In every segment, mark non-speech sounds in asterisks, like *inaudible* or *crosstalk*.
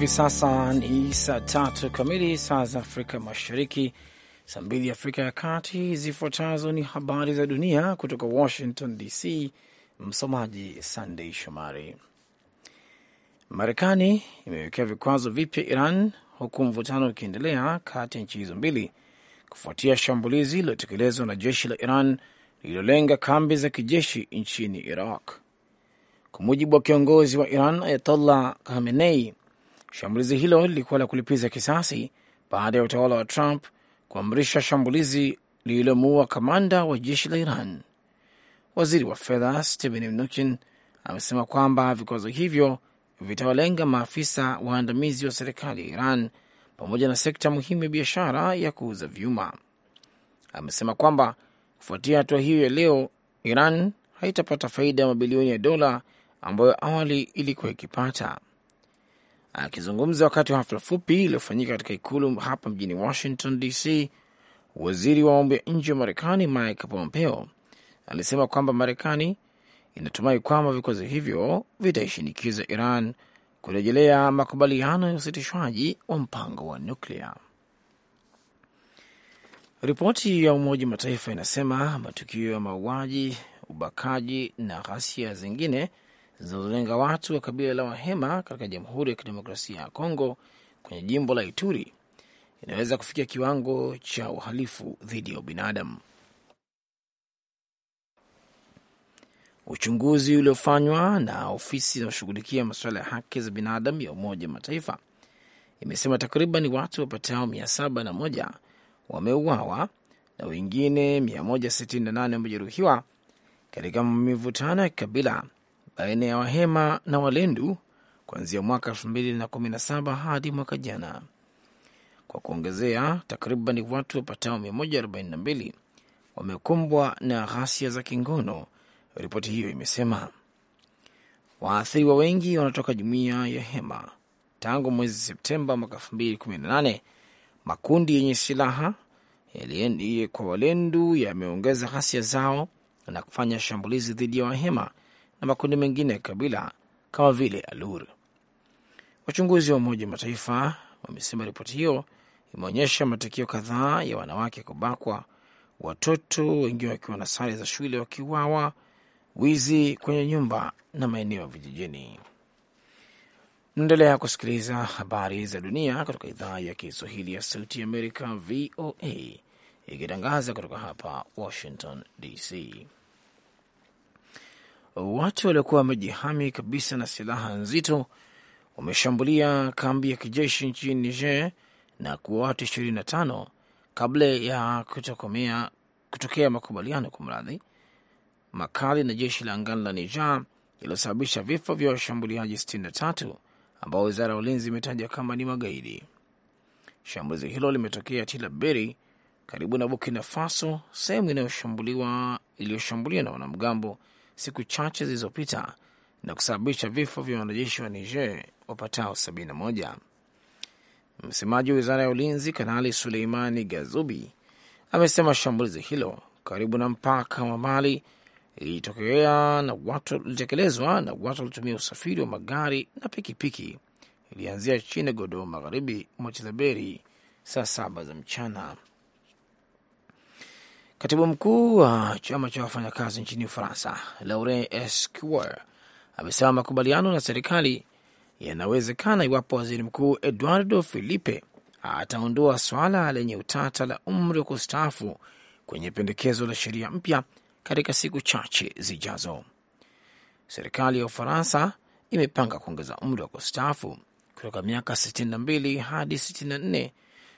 hivi sasa ni saa tatu kamili saa za Afrika Mashariki, saa mbili Afrika ya Kati. Zifuatazo ni habari za dunia kutoka Washington DC. Msomaji Sandei Shomari. Marekani imewekea vikwazo vipya Iran huku mvutano ukiendelea kati ya nchi hizo mbili kufuatia shambulizi lililotekelezwa na jeshi la Iran lililolenga kambi za kijeshi nchini Iraq. Kwa mujibu wa kiongozi wa Iran Ayatollah Khamenei, Shambulizi hilo lilikuwa la kulipiza kisasi baada ya utawala wa Trump kuamrisha shambulizi lililomuua kamanda wa jeshi la Iran. Waziri wa fedha Steven Mnuchin amesema kwamba vikwazo hivyo vitawalenga maafisa waandamizi wa serikali ya Iran pamoja na sekta muhimu ya biashara ya kuuza vyuma. Amesema kwamba kufuatia hatua hiyo ya leo, Iran haitapata faida ya mabilioni ya dola ambayo awali ilikuwa ikipata. Akizungumza wakati wa hafla fupi iliyofanyika katika ikulu hapa mjini Washington DC, waziri wa mambo ya nje wa Marekani Mike Pompeo alisema kwamba Marekani inatumai kwamba vikwazo hivyo vitaishinikiza Iran kurejelea makubaliano ya usitishwaji wa mpango wa nyuklia. Ripoti ya Umoja Mataifa inasema matukio ya mauaji, ubakaji na ghasia zingine zinazolenga watu wa kabila la Wahema katika Jamhuri ya Kidemokrasia ya Kongo kwenye jimbo la Ituri inaweza kufikia kiwango cha uhalifu dhidi ya ubinadamu. Uchunguzi uliofanywa na ofisi inayoshughulikia masuala ya haki za binadamu ya Umoja wa Mataifa imesema takriban watu wapatao 701 wameuawa na wengine 168 wamejeruhiwa katika mivutano ya kikabila baina ya Wahema na Walendu kuanzia mwaka saba hadi mwaka jana. Kwa kuongezea, takriban watu wapatao 142 wamekumbwa na ghasia za kingono, ripoti hiyo imesema. Waathiriwa wengi wanatoka jumuiya ya Hema. Tangu mwezi Septemba mwaka 2018 makundi yenye silaha kwa Walendu yameongeza ghasia zao na kufanya shambulizi dhidi ya Wahema na makundi mengine ya kabila kama vile Alur. Wachunguzi wa Umoja wa Mataifa wamesema ripoti hiyo imeonyesha matukio kadhaa ya wanawake kubakwa, watoto wengi wakiwa na sare za shule wakiuawa, wizi kwenye nyumba na maeneo ya vijijini. Naendelea kusikiliza habari za dunia kutoka idhaa ya Kiswahili ya Sauti ya Amerika, VOA, ikitangaza kutoka hapa Washington DC watu waliokuwa wamejihami kabisa na silaha nzito wameshambulia kambi ya kijeshi nchini Niger na kuwa watu tano kabla ya kutokomea, kutokea makubaliano kwa mradhi makali na jeshi la angani la Niger yaliyosababisha vifo vya washambuliaji tatu ambao wizara ya ulinzi imetaja kama ni magaidi. Shambulizi hilo limetokea Tilaberi karibu na Burkina Faso, sehemu iliyoshambuliwa na wanamgambo siku chache zilizopita na kusababisha vifo vya wanajeshi wa Niger wapatao 71. Msemaji wa wizara ya ulinzi Kanali Suleimani Gazubi amesema shambulizi hilo karibu na mpaka wa Mali ilitokea na watu lilitekelezwa na watu walitumia usafiri wa magari na pikipiki. Ilianzia chini godo magharibi mwa Tilaberi, saa saba za mchana. Katibu mkuu wa chama cha wafanyakazi nchini Ufaransa, Laurent Escuer, amesema makubaliano na serikali yanawezekana iwapo waziri mkuu Eduardo Filipe ataondoa swala lenye utata la umri wa kustaafu kwenye pendekezo la sheria mpya katika siku chache zijazo. Serikali ya Ufaransa imepanga kuongeza umri wa kustaafu kutoka miaka 62 hadi 64,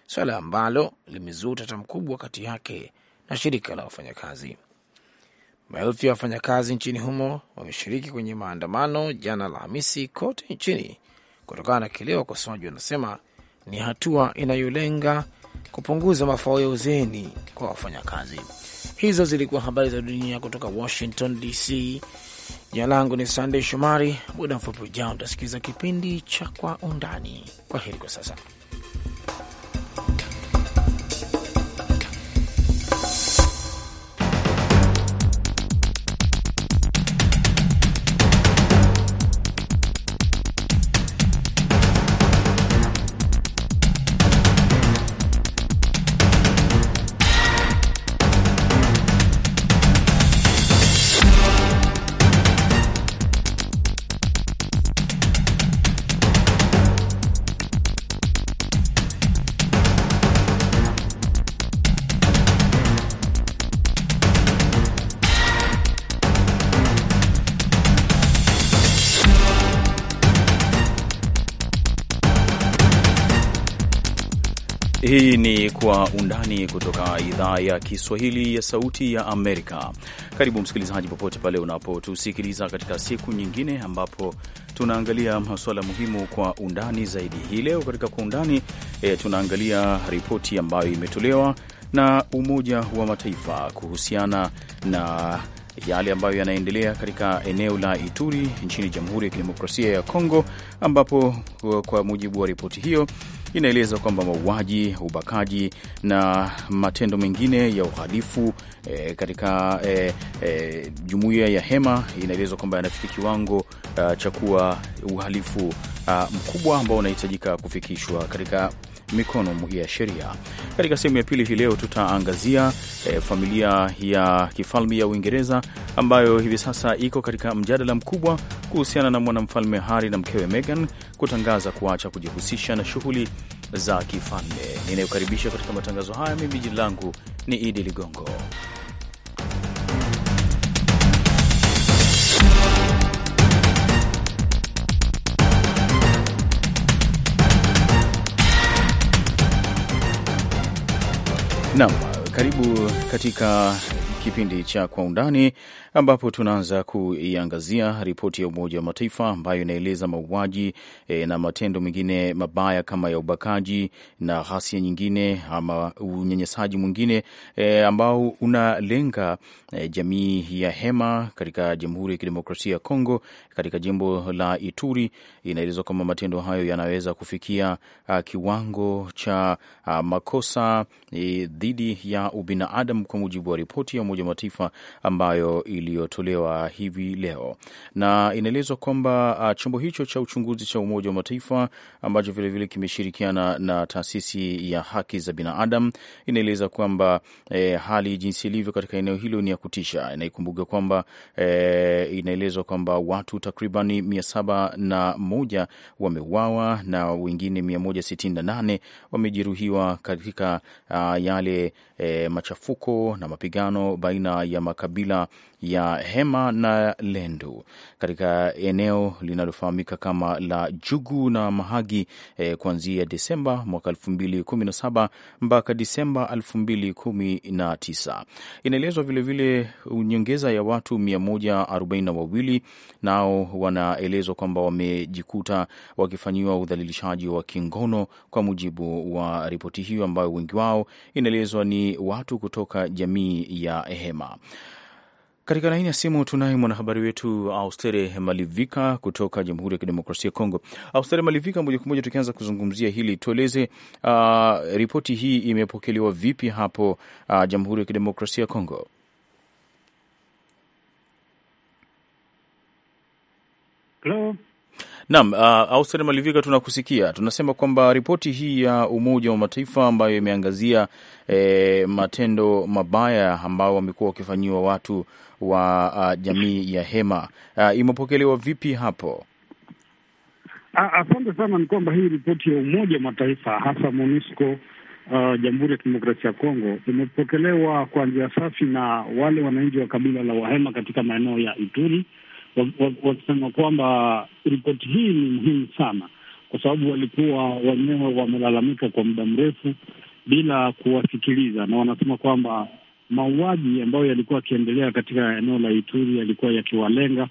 swala ambalo limezua utata mkubwa kati yake na shirika la wafanyakazi. Maelfu ya wafanyakazi nchini humo wameshiriki kwenye maandamano jana Alhamisi kote nchini kutokana na kile wakosoaji wanasema ni hatua inayolenga kupunguza mafao ya uzeni kwa wafanyakazi. Hizo zilikuwa habari za dunia kutoka Washington DC. Jina langu ni Sandey Shomari. Muda mfupi ujao utasikiliza kipindi cha Kwa Undani. Kwa heri kwa sasa. Hii ni Kwa Undani kutoka idhaa ya Kiswahili ya Sauti ya Amerika. Karibu msikilizaji, popote pale unapotusikiliza katika siku nyingine ambapo tunaangalia masuala muhimu kwa undani zaidi. Hii leo katika Kwa Undani e, tunaangalia ripoti ambayo imetolewa na Umoja wa Mataifa kuhusiana na yale ambayo yanaendelea katika eneo la Ituri nchini Jamhuri ya Kidemokrasia ya Kongo, ambapo kwa mujibu wa ripoti hiyo inaeleza kwamba mauaji, ubakaji na matendo mengine ya uhalifu e, katika e, e, jumuiya ya Hema inaelezwa kwamba yanafikia kiwango ah, cha kuwa uhalifu a, ah, mkubwa ambao unahitajika kufikishwa katika mikono ya sheria. Katika sehemu ya pili hii leo tutaangazia e, familia ya kifalme ya Uingereza ambayo hivi sasa iko katika mjadala mkubwa kuhusiana na mwanamfalme Harry na mkewe Meghan kutangaza kuacha kujihusisha na shughuli za kifalme. Ninayokaribisha katika matangazo haya, mimi jina langu ni Idi Ligongo. Naam, karibu katika kipindi cha Kwa Undani, ambapo tunaanza kuiangazia ripoti ya Umoja wa Mataifa ambayo inaeleza mauaji e, na matendo mengine mabaya kama ya ubakaji na ghasia nyingine ama unyanyasaji mwingine e, ambao unalenga e, jamii ya Hema katika Jamhuri ya Kidemokrasia ya Kongo katika jimbo la Ituri. Inaelezwa kwamba matendo hayo yanaweza kufikia a, kiwango cha a, makosa e, dhidi ya ubinadamu kwa mujibu wa ripoti ya Umoja wa Mataifa ambayo iliyotolewa hivi leo, na inaelezwa kwamba uh, chombo hicho cha uchunguzi cha Umoja wa Mataifa ambacho vilevile kimeshirikiana na taasisi ya haki za binadamu inaeleza kwamba e, hali jinsi ilivyo katika eneo hilo ni ya kutisha. Inaikumbuka kwamba e, inaelezwa kwamba watu takribani mia saba na moja wameuawa na wengine nane wamejeruhiwa katika uh, yale e, machafuko na mapigano baina ya makabila ya Hema na Lendu katika eneo linalofahamika kama la Jugu na Mahagi e, kuanzia Desemba mwaka 2017 mpaka Desemba 2019. Inaelezwa vilevile nyongeza ya watu 142 nao wanaelezwa kwamba wamejikuta wakifanyiwa udhalilishaji wa kingono kwa mujibu wa ripoti hiyo ambayo wengi wao inaelezwa ni watu kutoka jamii ya Hema. Katika laini ya simu tunaye mwanahabari wetu Austere Malivika kutoka Jamhuri ya Kidemokrasia ya Kongo. Austere Malivika, moja kwa moja tukianza kuzungumzia hili, tueleze uh, ripoti hii imepokelewa vipi hapo uh, Jamhuri ya Kidemokrasia ya Kongo? Hello. Naam, uh, Austria Malivika, tunakusikia. Tunasema kwamba ripoti hii ya Umoja wa Mataifa ambayo imeangazia eh, matendo mabaya ambao wamekuwa wakifanyiwa watu wa uh, jamii ya Hema uh, imepokelewa vipi hapo? Ah, asante sana. Ni kwamba hii ripoti ya Umoja wa Mataifa hasa MONUSCO Uh, Jamhuri ya Kidemokrasia ya Kongo imepokelewa kwa njia safi na wale wananchi wa kabila la Wahema katika maeneo ya Ituri wakisema kwamba ripoti hii ni muhimu sana, kwa sababu walikuwa wenyewe wamelalamika kwa muda mrefu bila kuwasikiliza, na wanasema kwamba mauaji ambayo yalikuwa yakiendelea katika eneo la Ituri yalikuwa yakiwalenga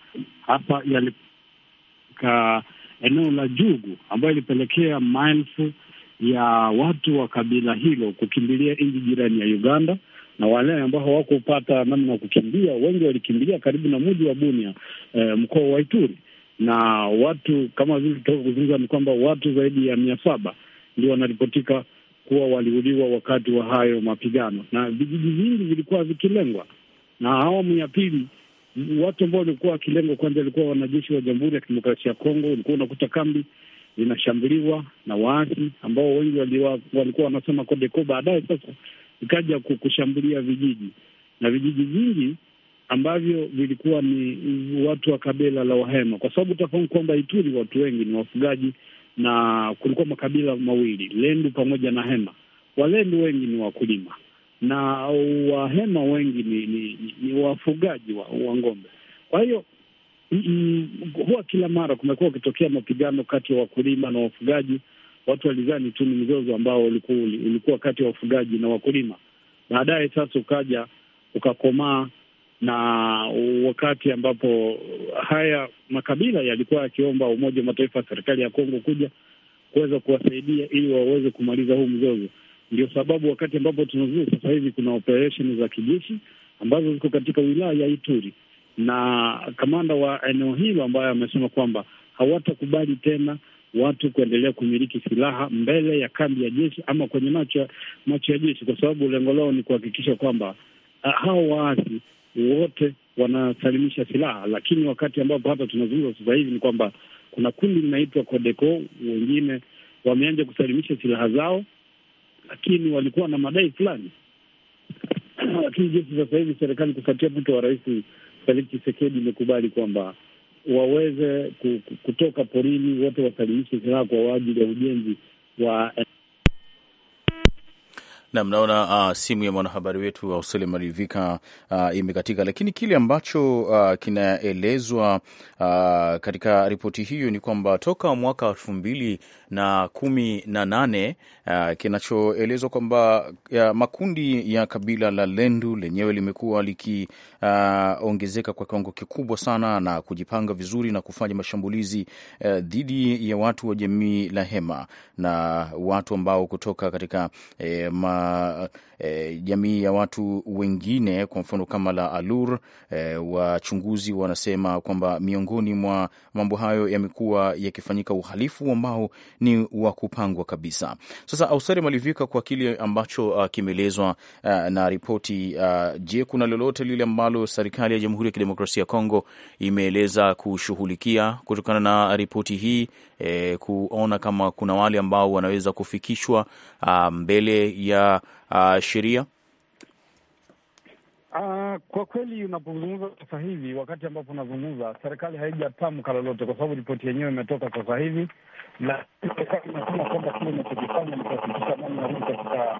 hasa yalika eneo la Jugu ambayo ilipelekea maelfu ya watu wa kabila hilo kukimbilia nchi jirani ya Uganda na wale ambao hawakupata namna ya kukimbia, wengi walikimbilia karibu na mji wa Bunia, e, mkoa wa Ituri, na watu kama vile toka kuzungumza ni kwamba watu zaidi ya mia saba ndio wanaripotika kuwa waliuliwa wakati wa hayo mapigano, na vijiji vingi vilikuwa vikilengwa. Na awamu ya pili, watu ambao walikuwa wakilengwa kwanza walikuwa wanajeshi wa Jamhuri ya Kidemokrasia ya Kongo. Ulikuwa unakuta kambi zinashambuliwa na waasi ambao wengi walikuwa wanasema Kodeko. Baadaye sasa ikaja kushambulia vijiji na vijiji vingi ambavyo vilikuwa ni watu wa kabila la Wahema, kwa sababu utafahamu kwamba Ituri watu wengi ni wafugaji na kulikuwa makabila mawili, Lendu pamoja na Hema. Walendu wengi ni wakulima na Wahema wengi ni, ni, ni, ni wafugaji wa, wa ng'ombe. Kwa hiyo mm, mm, huwa kila mara kumekuwa ukitokea mapigano kati ya wakulima na wafugaji watu walizani tu ni mzozo ambao ulikuwa ulikuwa kati ya wafugaji na wakulima. Baadaye sasa ukaja ukakomaa, na wakati ambapo haya makabila yalikuwa yakiomba Umoja wa Mataifa, serikali ya Kongo kuja kuweza kuwasaidia ili waweze kumaliza huu mzozo. Ndio sababu wakati ambapo tunazua sasa hivi kuna operesheni za kijeshi ambazo ziko katika wilaya ya Ituri, na kamanda wa eneo hilo ambaye amesema kwamba hawatakubali tena watu kuendelea kumiliki silaha mbele ya kambi ya jeshi ama kwenye macho macho ya jeshi, kwa sababu lengo lao ni kuhakikisha kwamba ah, hao waasi wote wanasalimisha silaha. Lakini wakati ambapo hata tunazungumza sasa hivi ni kwamba kuna kundi linaitwa kodeko wengine wameanza kusalimisha silaha zao, lakini walikuwa na madai fulani *clears throat* lakini jeshi sasa hivi serikali kufuatia mwito wa Rais Felix Tshisekedi imekubali kwamba waweze kutoka porini, wote wasalimishe silaha kwa ajili ya ujenzi wa Nam, naona uh, simu ya mwanahabari wetu Ausele Marivika uh, ah, imekatika, lakini kile ambacho uh, kinaelezwa uh, katika ripoti hiyo ni kwamba toka mwaka elfu mbili na kumi na nane uh, kinachoelezwa kwamba uh, makundi ya kabila la Lendu lenyewe limekuwa likiongezeka uh, kwa kiwango kikubwa sana na kujipanga vizuri na kufanya mashambulizi uh, dhidi ya watu wa jamii la Hema na watu ambao kutoka katika uh, ma e, jamii ya watu wengine, kwa mfano kama la Alur. E, wachunguzi wanasema kwamba miongoni mwa mambo hayo yamekuwa yakifanyika uhalifu ambao ni wa kupangwa kabisa. Sasa Ausari Malivika, kwa kile ambacho uh, kimeelezwa uh, na ripoti uh, je, kuna lolote lile ambalo serikali ya Jamhuri ya Kidemokrasia ya Kongo imeeleza kushughulikia kutokana na ripoti hii e, kuona kama kuna wale ambao wanaweza kufikishwa uh, mbele ya uh, sheria? Uh, kwa kweli unapozungumza sasa hivi, wakati ambapo unazungumza, serikali haijatamka lolote, kwa sababu ripoti yenyewe imetoka sasa hivi, lakini serikali inasema kwamba kile inachokifanya ni kuhakikisha amani inarudi katika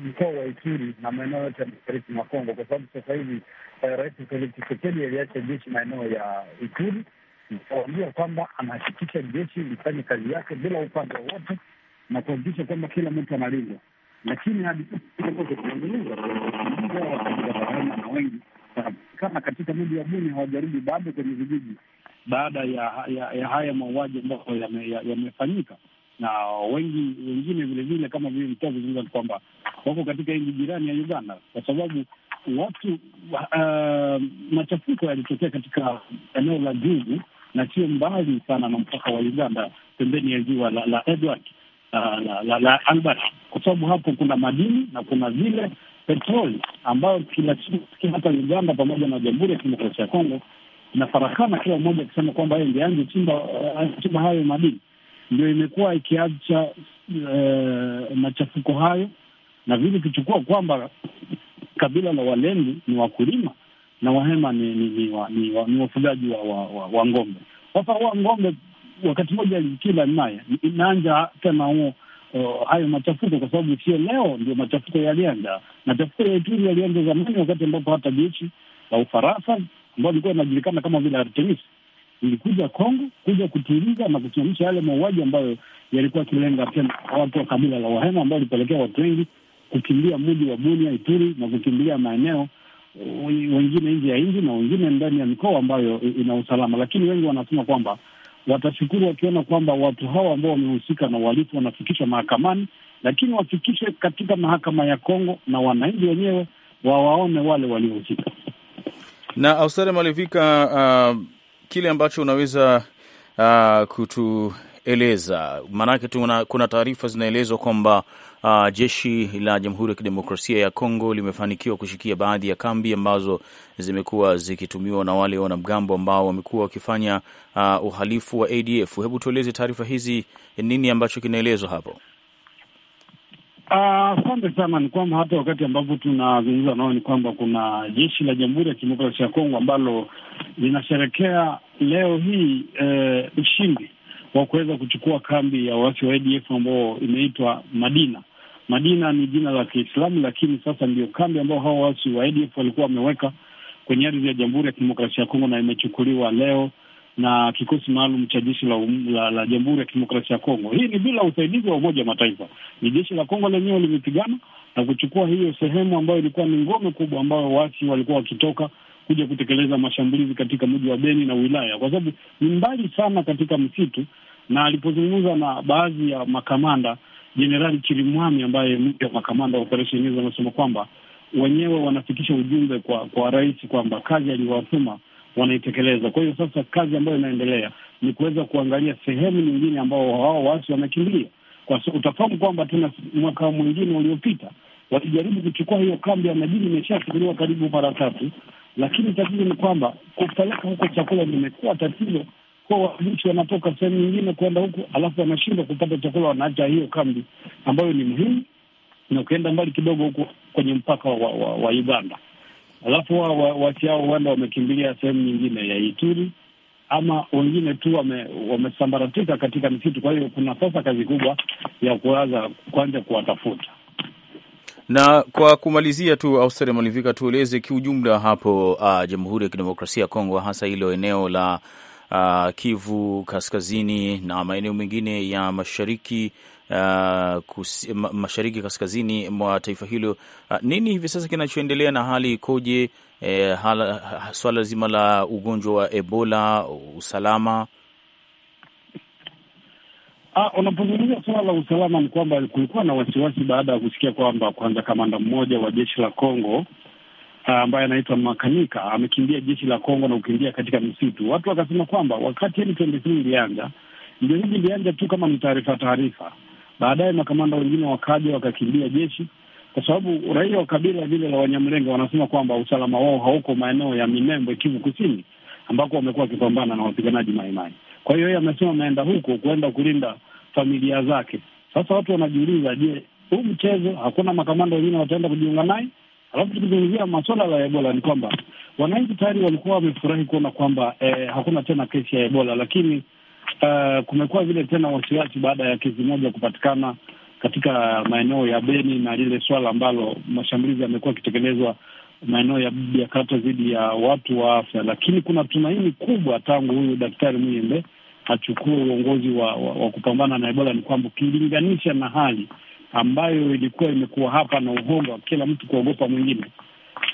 mkoa wa Ituri na maeneo yote ya mashariki mwa Kongo, kwa sababu sasa hivi eh, Rais Felix Tshisekedi aliacha jeshi maeneo ya Ituri, kaambia kwamba anahakikisha jeshi lifanye kazi yake bila upande wowote na kuhakikisha kwamba kila mtu analindwa lakini hadi na wengi kama katika mji wa Buni hawajarudi bado kwenye vijiji baada ya, ya, ya haya mauaji ambayo yamefanyika ya na wengi wengine vilevile, kama vile mtoa ni kwamba wako katika nchi jirani ya Uganda kwa sababu watu uh, machafuko yalitokea katika eneo la Jugu na sio mbali sana na mpaka wa Uganda, pembeni ya ziwa la, la Edward la, la, la, Albert, kwa sababu hapo kuna madini na kuna zile petroli ambayo kila siku hata Uganda pamoja na Jamhuri ya Kidemokrasia ya Kongo inafarakana kila mmoja akisema kwamba yeye ndiye chimba eh, hayo madini, ndio imekuwa ikiacha uh, machafuko hayo, na vile ikichukua kwamba kabila la Walendu ni wakulima na Wahema ni, ni, ni, ni, ni, ni wafugaji wa, wa, wa, wa ng'ombe. Sasa huwa ng'ombe wakati mmoja alikila naye inaanza tena huo Uh, oh, hayo machafuko kwa sababu sio leo ndio machafuko yalianza. Machafuko ya Ituri yalianza zamani, wakati ambapo hata jeshi la Ufaransa ambao ilikuwa inajulikana kama vile Artemis ilikuja Kongo kuja kutuliza na kusimamisha yale mauaji ambayo yalikuwa akilenga tena watu wa kabila la Wahema ambao walipelekea watu wengi kukimbia mji wa Bunia Ituri na kukimbilia maeneo uh, wengine nje ya nchi na wengine ndani ya mikoa ambayo ina usalama, lakini wengi wanasema kwamba watashukuru wakiona kwamba watu hawa ambao wamehusika na uhalifu wanafikishwa mahakamani, lakini wafikishe katika mahakama ya Kongo na wananchi wenyewe wawaone wale waliohusika. Na austare Malivika, uh, kile ambacho unaweza uh, kutueleza maanake, kuna taarifa zinaelezwa kwamba uh, jeshi la Jamhuri ya Kidemokrasia ya Kongo limefanikiwa kushikia baadhi ya kambi ambazo zimekuwa zikitumiwa na wale wanamgambo ambao wamekuwa wakifanya uh, uhalifu wa ADF. Hebu tueleze taarifa hizi, nini ambacho kinaelezwa hapo? Ah, asante uh, sana. Ni kwamba hata wakati ambapo tunazungumza nao ni kwamba kuna jeshi la Jamhuri ya Kidemokrasia ya Kongo ambalo linasherekea leo hii eh, ushindi wa kuweza kuchukua kambi ya waasi wa ADF ambao imeitwa Madina. Madina ni jina la Kiislamu, lakini sasa ndio kambi ambao hawa waasi wa ADF walikuwa wameweka kwenye ardhi ya Jamhuri ya Kidemokrasia ya Kongo na imechukuliwa leo na kikosi maalum cha jeshi la, um-, la, la Jamhuri ya Kidemokrasia ya Kongo. Hii ni bila usaidizi wa Umoja wa Mataifa, ni jeshi la Kongo lenyewe limepigana na kuchukua hiyo sehemu ambayo ilikuwa ni ngome kubwa ambayo waasi walikuwa wakitoka kuja kutekeleza mashambulizi katika mji wa Beni na wilaya, kwa sababu ni mbali sana katika msitu. Na alipozungumza na baadhi ya makamanda Jenerali Chirimwami ambaye mke wa makamanda wa operesheni hizo anasema kwamba wenyewe wanafikisha ujumbe kwa kwa rais kwamba kazi aliyowatuma wanaitekeleza. Kwa hiyo sasa kazi ambayo inaendelea ni kuweza kuangalia sehemu nyingine ambao hao waasi wamekimbilia. Kwa sababu utafahamu kwamba tena mwaka mwingine uliopita walijaribu kuchukua hiyo kambi ya Madini, imeshachukuliwa karibu mara tatu, lakini tatizo ni kwamba kupeleka huko chakula limekuwa tatizo kuwa wananchi wanatoka sehemu nyingine kwenda huku, alafu wanashindwa kupata chakula, wanaacha hiyo kambi ambayo ni muhimu. Na ukienda mbali kidogo huku kwenye mpaka wa, wa, wa Uganda, alafu wasi hao huenda wamekimbilia sehemu nyingine ya Ituri ama wengine tu wamesambaratika wame katika misitu. Kwa hiyo kuna sasa kazi kubwa ya kuanza kuwatafuta. Na kwa kumalizia tu, Auster Malivika, tueleze kiujumla hapo, uh, Jamhuri ya Kidemokrasia ya Kongo, hasa hilo eneo la uh, Kivu Kaskazini na maeneo mengine ya mashariki Uh, kusi, ma, mashariki kaskazini mwa taifa hilo uh, nini hivi sasa kinachoendelea na hali ikoje? Eh, swala zima la ugonjwa wa Ebola, usalama. Ah, unapozungumzia suala la usalama ni kwamba kulikuwa na wasiwasi baada ya kusikia kwamba kwanza kamanda mmoja wa jeshi la Kongo Ah, ambaye anaitwa Makanika amekimbia jeshi la Kongo na kukimbia katika msitu. Watu wakasema kwamba wakati M23 ilianza, ndio hivi ilianza tu kama ni taarifa taarifa. Baadaye makamanda wengine wakaja wakakimbia jeshi, kwa sababu raia wa kabila vile la Wanyamlenge wanasema kwamba usalama wao hauko maeneo ya Minembwe, Kivu Kusini, ambako wamekuwa wakipambana na wapiganaji Maimai. Kwa hiyo yeye amesema ameenda huko kuenda kulinda familia zake. Sasa watu wanajiuliza, je, huu mchezo hakuna makamanda wengine wataenda kujiunga naye? Alafu tukizungumzia masuala la Ebola ni kwamba wananchi tayari walikuwa wamefurahi kuona kwamba eh, hakuna tena kesi ya Ebola, lakini uh, kumekuwa vile tena wasiwasi baada ya kesi moja kupatikana katika maeneo ya Beni na lile swala ambalo mashambulizi yamekuwa yakitekelezwa maeneo ya Biakata dhidi ya watu wa afya, lakini kuna tumaini kubwa tangu huyu Daktari Muyembe achukue uongozi wa, wa, wa kupambana na Ebola ni kwamba ukilinganisha na hali ambayo ilikuwa imekuwa hapa na wa kila mtu kuogopa mwingine.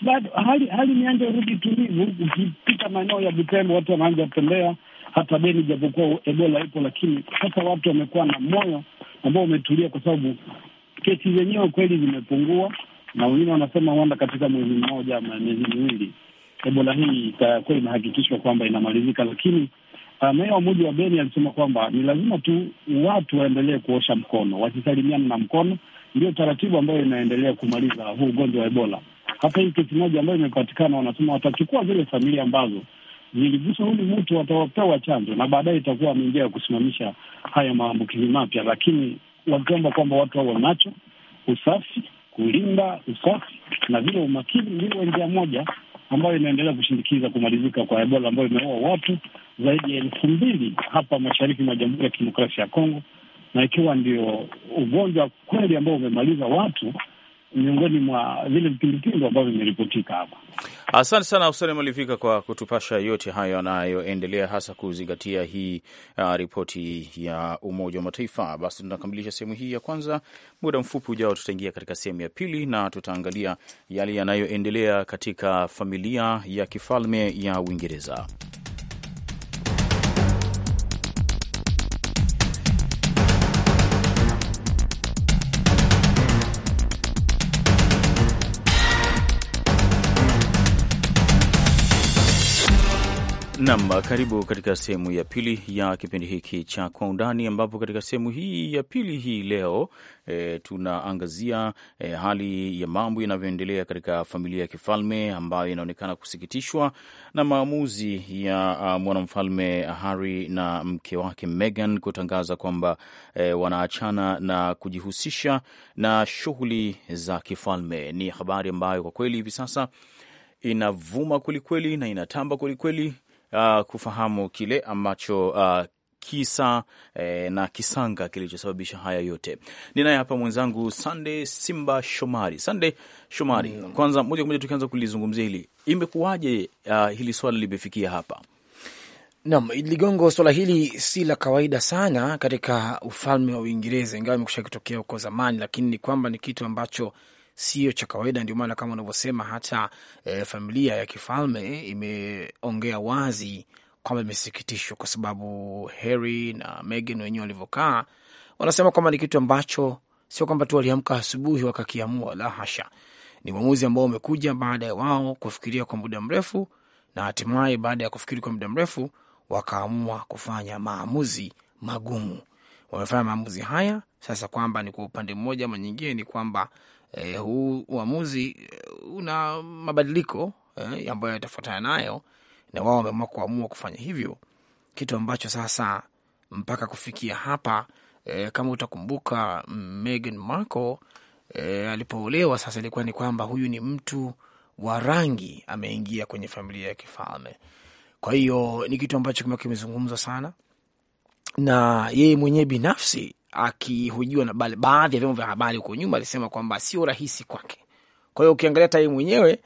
Bado hali hali imeanza rudi tulivu. Ukipita maeneo ya Butembo watu wanaanza kutembea, hata Beni, japokuwa Ebola ipo, lakini sasa watu wamekuwa na moyo ambao umetulia, kwa sababu kesi zenyewe kweli zimepungua, na wengine wanasema huenda katika mwezi mmoja ama miezi miwili Ebola hii itakuwa imehakikishwa kwamba inamalizika, lakini Uh, meya wa mji wa Beni alisema kwamba ni lazima tu watu waendelee kuosha mkono wakisalimiana na mkono, ndio taratibu ambayo inaendelea kumaliza huu ugonjwa wa Ebola. Hata hii kesi moja ambayo imepatikana, wanasema watachukua zile familia ambazo ziligusa huli mtu, watawapewa chanjo na baadaye itakuwa ni njia ya kusimamisha haya maambukizi mapya, lakini wakiomba kwamba watu wawe macho, usafi, kulinda usafi na vile umakini, ndio njia moja ambayo inaendelea kushindikiza kumalizika kwa Ebola ambayo imeua watu zaidi ya elfu mbili hapa mashariki mwa Jamhuri ya Kidemokrasia ya Kongo, na ikiwa ndio ugonjwa kweli ambao umemaliza watu miongoni mwa vile vipindupindu ambavyo vimeripotika hapa. Asante sana Usani Malivika kwa kutupasha yote hayo yanayoendelea, hasa kuzingatia hii uh, ripoti ya Umoja wa Mataifa. Basi tunakamilisha sehemu hii ya kwanza. Muda mfupi ujao, tutaingia katika sehemu ya pili na tutaangalia yale yanayoendelea katika familia ya kifalme ya Uingereza. Nam, karibu katika sehemu ya pili ya kipindi hiki cha Kwa Undani, ambapo katika sehemu hii ya pili hii leo e, tunaangazia e, hali ya mambo inavyoendelea katika familia ya kifalme ambayo inaonekana kusikitishwa na maamuzi ya mwanamfalme Harry na mke wake Meghan kutangaza kwamba e, wanaachana na kujihusisha na shughuli za kifalme. Ni habari ambayo kwa kweli hivi sasa inavuma kwelikweli na inatamba kwelikweli uh, kufahamu kile ambacho uh, kisa eh, na kisanga kilichosababisha haya yote. Ninaye hapa mwenzangu Sande Simba Shomari. Sande Shomari, mm. Kwanza moja kwa moja tukianza kulizungumzia hili, imekuwaje uh, hili swala limefikia hapa? Naam, Ligongo, swala hili si la kawaida sana katika ufalme wa Uingereza, ingawa imekusha kitokea huko zamani, lakini ni kwamba ni kitu ambacho sio cha kawaida. Ndio maana kama unavyosema hata e, familia ya kifalme imeongea wazi kwamba imesikitishwa kwa sababu Harry na Meghan wenyewe walivyokaa, wanasema kwamba ni kitu ambacho sio kwamba tu waliamka asubuhi wakakiamua, la hasha. Ni uamuzi ambao umekuja baada ya wao kufikiria kwa muda mrefu, na hatimaye baada ya kufikiri kwa muda mrefu wakaamua kufanya maamuzi magumu. Wamefanya maamuzi haya sasa, kwamba ni kwa upande mmoja ama nyingine, ni kwamba eh, huu uamuzi eh, una mabadiliko eh, ambayo yatafuatana nayo, na wao wameamua kuamua kufanya hivyo, kitu ambacho sasa mpaka kufikia hapa eh, kama utakumbuka Meghan Markle eh, alipoolewa sasa, ilikuwa ni kwamba huyu ni mtu wa rangi ameingia kwenye familia ya kifalme. Kwa hiyo ni kitu ambacho kimekuwa kimezungumzwa sana na yeye mwenyewe binafsi akihojiwa na baadhi ya vyombo vya habari huko nyuma, alisema kwamba sio rahisi kwake. Kwa hiyo ukiangalia hata yeye mwenyewe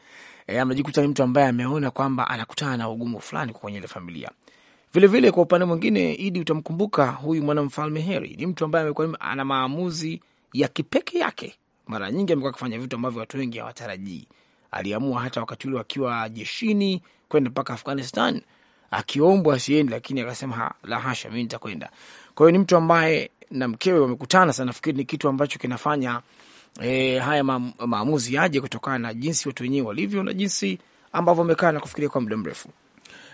e, amejikuta ni mtu ambaye ameona kwamba anakutana na ugumu fulani kwenye ile familia. Vile vile, kwa upande mwingine, Idi, utamkumbuka huyu mwanamfalme Heri ni mtu ambaye amekuwa ana maamuzi ya kipeke yake. Mara nyingi amekuwa akifanya vitu ambavyo watu wengi hawatarajii. Aliamua hata wakati ule akiwa jeshini kwenda mpaka Afghanistan akiombwa asiende, lakini akasema la hasha, mi nitakwenda. Kwa hiyo ni mtu ambaye na mkewe wamekutana sana. Nafikiri ni kitu ambacho kinafanya e, haya maamuzi yaje kutokana na jinsi watu wenyewe walivyo na jinsi ambavyo wamekaa na kufikiria kwa muda mrefu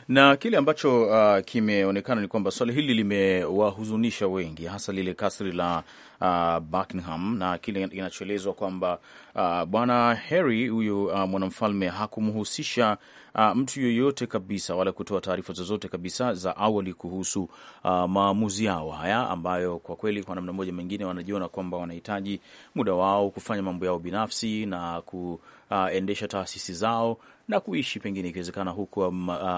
na kile ambacho uh, kimeonekana ni kwamba swali hili limewahuzunisha wengi, hasa lile kasri la uh, Buckingham na kile kinachoelezwa kwamba uh, bwana Harry huyu uh, mwanamfalme hakumhusisha uh, mtu yoyote kabisa wala kutoa taarifa zozote kabisa za awali kuhusu uh, maamuzi yao haya, ambayo kwa kweli kwa namna moja mengine wanajiona kwamba wanahitaji muda wao kufanya mambo yao binafsi na kuendesha ah, uh, taasisi zao na kuishi pengine ikiwezekana huko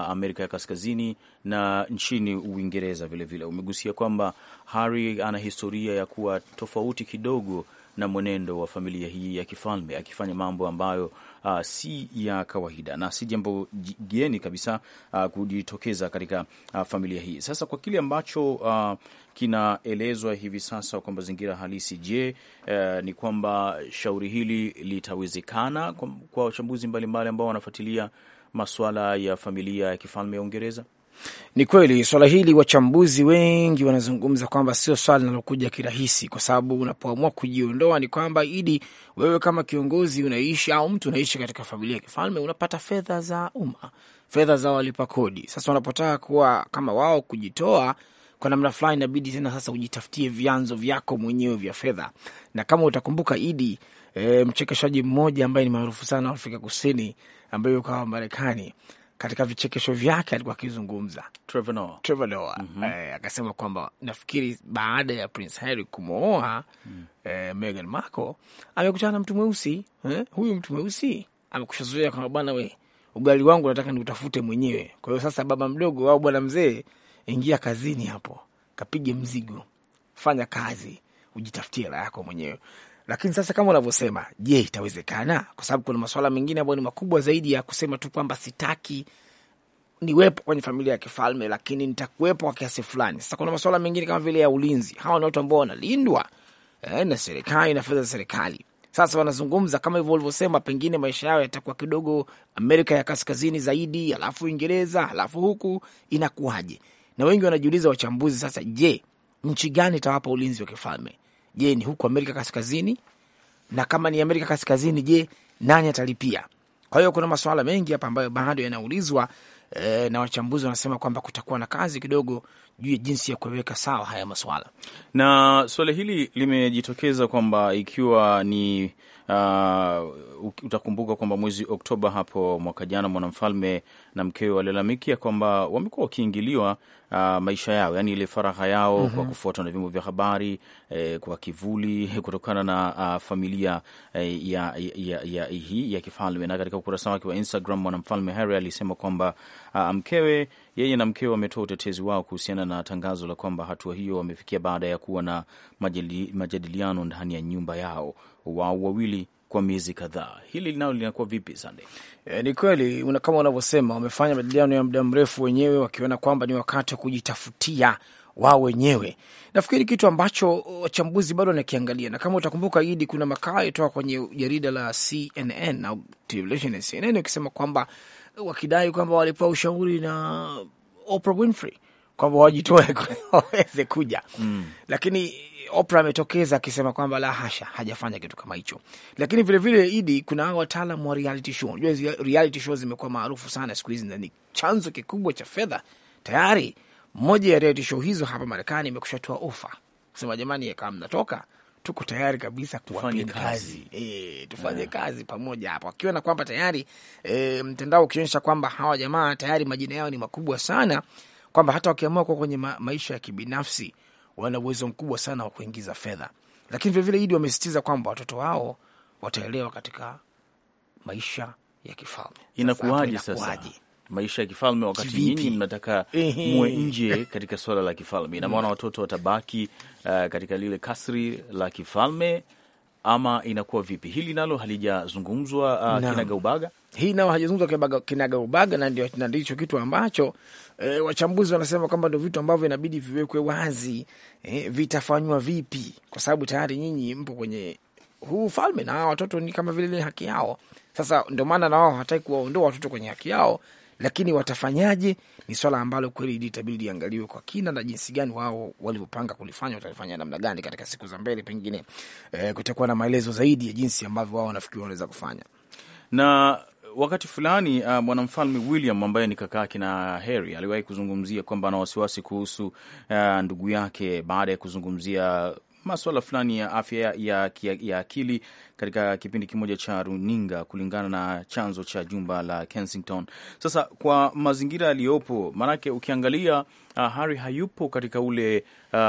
Amerika ya Kaskazini na nchini Uingereza vilevile. Umegusia kwamba Harry ana historia ya kuwa tofauti kidogo na mwenendo wa familia hii ya kifalme, akifanya mambo ambayo uh, si ya kawaida na si jambo geni kabisa uh, kujitokeza katika uh, familia hii. Sasa kwa kile ambacho uh, kinaelezwa hivi sasa kwa mazingira halisi, je, uh, ni kwamba shauri hili litawezekana kwa wachambuzi mbalimbali ambao wanafuatilia masuala ya familia ya kifalme ya Uingereza? Ni kweli swala hili, wachambuzi wengi wanazungumza kwamba sio swala linalokuja kirahisi, kwa sababu unapoamua kujiondoa ni kwamba Idi, wewe kama kiongozi unaishi au mtu unaishi katika familia ya kifalme, unapata fedha za umma, fedha za walipa kodi. Sasa wanapotaka kuwa kama wao kujitoa kwa namna fulani, inabidi tena sasa ujitafutie vyanzo vyako mwenyewe vya fedha, na kama utakumbuka Idi, e, mchekeshaji mmoja ambaye ni maarufu sana Afrika Kusini ambaye ukawa Marekani katika vichekesho vyake alikuwa akizungumza Trevor Noah mhm. eh, mm -hmm. akasema kwamba nafikiri baada ya Prince Harry kumwoa mm. eh, Meghan Markle amekutana na mtu mweusi eh? Huyu mtu mweusi amekushazoea kwamba bwana, we ugali wangu nataka niutafute mwenyewe. Kwa hiyo sasa, baba mdogo au bwana mzee, ingia kazini hapo, kapige mzigo, fanya kazi, ujitafutie hela yako mwenyewe. Lakini sasa kama unavyosema, je, itawezekana? Kwa sababu kuna masuala mengine ambayo ni makubwa zaidi ya kusema tu kwamba sitaki niwepo kwenye familia ya kifalme, lakini nitakuwepo kwa kiasi fulani. Sasa kuna masuala mengine kama vile ya ulinzi, hawa ni watu ambao wanalindwa eh, na serikali na fedha za serikali. Sasa wanazungumza kama hivyo ulivyosema, pengine maisha yao yatakuwa kidogo Amerika ya kaskazini zaidi, alafu Uingereza, alafu huku inakuwaje? Na wengi wanajiuliza wachambuzi sasa, je, nchi gani itawapa ulinzi wa kifalme? Je, ni huku Amerika Kaskazini? Na kama ni Amerika Kaskazini, je, nani atalipia? Kwa hiyo kuna masuala mengi hapa ambayo bado yanaulizwa e, na wachambuzi wanasema kwamba kutakuwa na kazi kidogo juu ya jinsi ya kuweka sawa haya masuala, na suala hili limejitokeza kwamba ikiwa ni Uh, utakumbuka kwamba mwezi Oktoba hapo mwaka jana mwanamfalme na mkewe walalamikia kwamba wamekuwa wakiingiliwa uh, maisha yao, yani ile faragha yao mm -hmm. kwa mhm. kufuatwa na vyombo vya habari eh, kwa kivuli *laughs* kutokana na uh, familia eh, ya, ya, ya, hii ya kifalme. Na katika ukurasa wake wa Instagram mwanamfalme Harry alisema kwamba uh, mkewe yeye na mkewe wametoa utetezi wao kuhusiana na tangazo la kwamba hatua hiyo wamefikia baada ya kuwa na majadiliano ndani ya nyumba yao wao wawili kwa miezi kadhaa. Hili linalo linakuwa vipi Sande? E, ni kweli una, kama unavyosema wamefanya majadiliano ya muda mrefu wenyewe wakiona kwamba ni wakati wa kujitafutia wao wenyewe. Nafikiri kitu ambacho wachambuzi bado wanakiangalia, na kama utakumbuka Idi, kuna makala itoka kwenye jarida la CNN au television ya CNN wakisema kwamba wakidai kwamba walipewa ushauri na Oprah Winfrey kwamba wajitoe *laughs* waweze kuja mm. lakini Oprah ametokeza akisema kwamba la hasha, hajafanya kitu kama hicho. Lakini vilevile vile, Idi, kuna hao wataalam wa reality show. Unajua reality show zimekuwa maarufu sana siku hizi na ni chanzo kikubwa cha fedha tayari. Moja ya reality show hizo hapa Marekani imekushatoa ofa kusema, jamani, kama mnatoka tuko tayari kabisa kuwapeni kazi e, tufanye yeah, kazi pamoja hapa, wakiona na kwamba tayari e, mtandao ukionyesha kwamba hawa jamaa tayari majina yao ni makubwa sana, kwamba hata wakiamua kuwa kwenye ma maisha ya kibinafsi wana uwezo mkubwa sana wa kuingiza fedha, lakini vilevile Idi wamesisitiza kwamba watoto wao wataelewa katika maisha ya kifalme. Inakuwaje sasa maisha ya kifalme wakati nyinyi mnataka muwe nje katika suala la kifalme? Ina maana mm. watoto watabaki uh, katika lile kasri la kifalme ama inakuwa vipi? Hili nalo halijazungumzwa uh, kinagaubaga hii nao hajazungumza ubaga, na ndicho kitu ambacho e, wachambuzi wanasema kwamba ndio vitu ambavyo inabidi viwekwe wazi e, vitafanywa vipi, kwa sababu tayari nyinyi mpo kwenye huu ufalme na watoto ni kama vile ni haki yao. Sasa ndio maana na wao hawataki kuwaondoa watoto kwenye haki yao, lakini watafanyaje? Ni swala ambalo kweli litabidi liangaliwe kwa kina, na jinsi gani wao walivyopanga kulifanya, watalifanya namna gani katika siku za mbele. Pengine e, kutakuwa na maelezo zaidi ya jinsi ambavyo wao wanafikiri wanaweza kufanya na wakati fulani uh, mwanamfalme William ambaye ni kaka yake na Harry aliwahi kuzungumzia kwamba ana wasiwasi kuhusu uh, ndugu yake baada ya kuzungumzia maswala fulani ya afya ya, ya, ya akili katika kipindi kimoja cha runinga, kulingana na chanzo cha jumba la Kensington. Sasa kwa mazingira yaliyopo, maanake ukiangalia uh, Harry hayupo katika ule uh,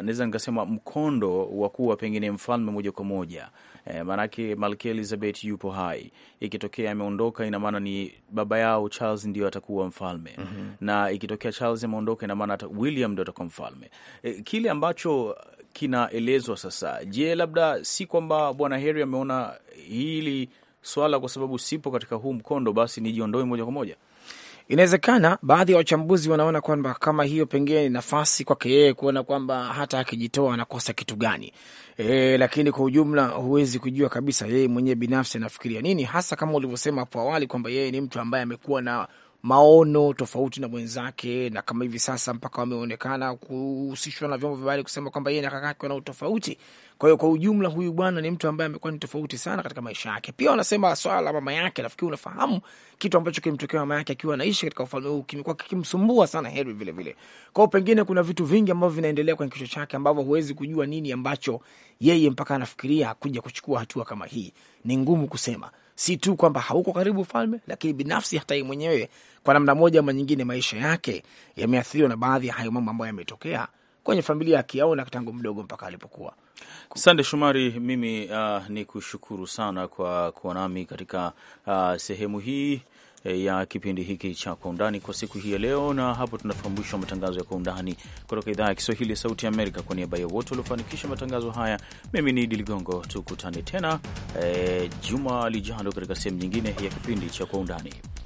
naweza nikasema mkondo wa kuwa pengine mfalme moja kwa moja eh, maanake Malkia Elizabeth yupo hai. Ikitokea ameondoka, ina maana ni baba yao Charles ndio atakuwa mfalme mm -hmm. na ikitokea Charles ameondoka, ina maana William ndio atakuwa mfalme eh, kile ambacho kinaelezwa sasa. Je, labda si kwamba bwana Harry ameona hili swala kwa sababu sipo katika huu mkondo, basi nijiondoe moja kwa moja? Inawezekana baadhi ya wachambuzi wanaona kwamba kama hiyo pengine ni nafasi kwake yeye kuona kwamba hata akijitoa anakosa kitu gani. E, lakini kwa ujumla huwezi kujua kabisa yeye mwenyewe binafsi anafikiria nini, hasa kama ulivyosema hapo awali kwamba yeye ni mtu ambaye amekuwa na maono tofauti na mwenzake, na kama hivi sasa mpaka wameonekana kuhusishwa na vyombo vya habari kusema kwamba yeye na kaka yake wana utofauti. Kwa hiyo kwa ujumla, huyu bwana ni mtu ambaye amekuwa ni tofauti sana katika maisha yake. Pia wanasema swala la mama yake, nafikiri unafahamu kitu ambacho kimtokea mama yake akiwa anaishi katika ufalme huu kimekuwa kikimsumbua sana Henry vile vile. Kwa hiyo pengine kuna vitu vingi ambavyo vinaendelea kwenye kichwa chake ambavyo huwezi kujua nini ambacho yeye mpaka anafikiria kuja kuchukua hatua kama hii, ni ngumu kusema si tu kwamba hauko karibu ufalme, lakini binafsi hata yeye mwenyewe kwa namna moja ama nyingine maisha yake yameathiriwa na baadhi ya hayo mambo ambayo yametokea kwenye familia akiaona tangu mdogo mpaka alipokuwa. Sande Shumari, mimi uh, ni kushukuru sana kwa kuwa nami katika uh, sehemu hii E, ya kipindi hiki cha Kwa Undani kwa siku hii ya leo, na hapo tunafika mwisho wa matangazo ya Kwa Undani kutoka idhaa ya Kiswahili ya Sauti Amerika. Kwa niaba ya wote waliofanikisha matangazo haya, mimi ni Idi Ligongo. Tukutane tena e, juma lijalo katika sehemu nyingine ya kipindi cha Kwa Undani.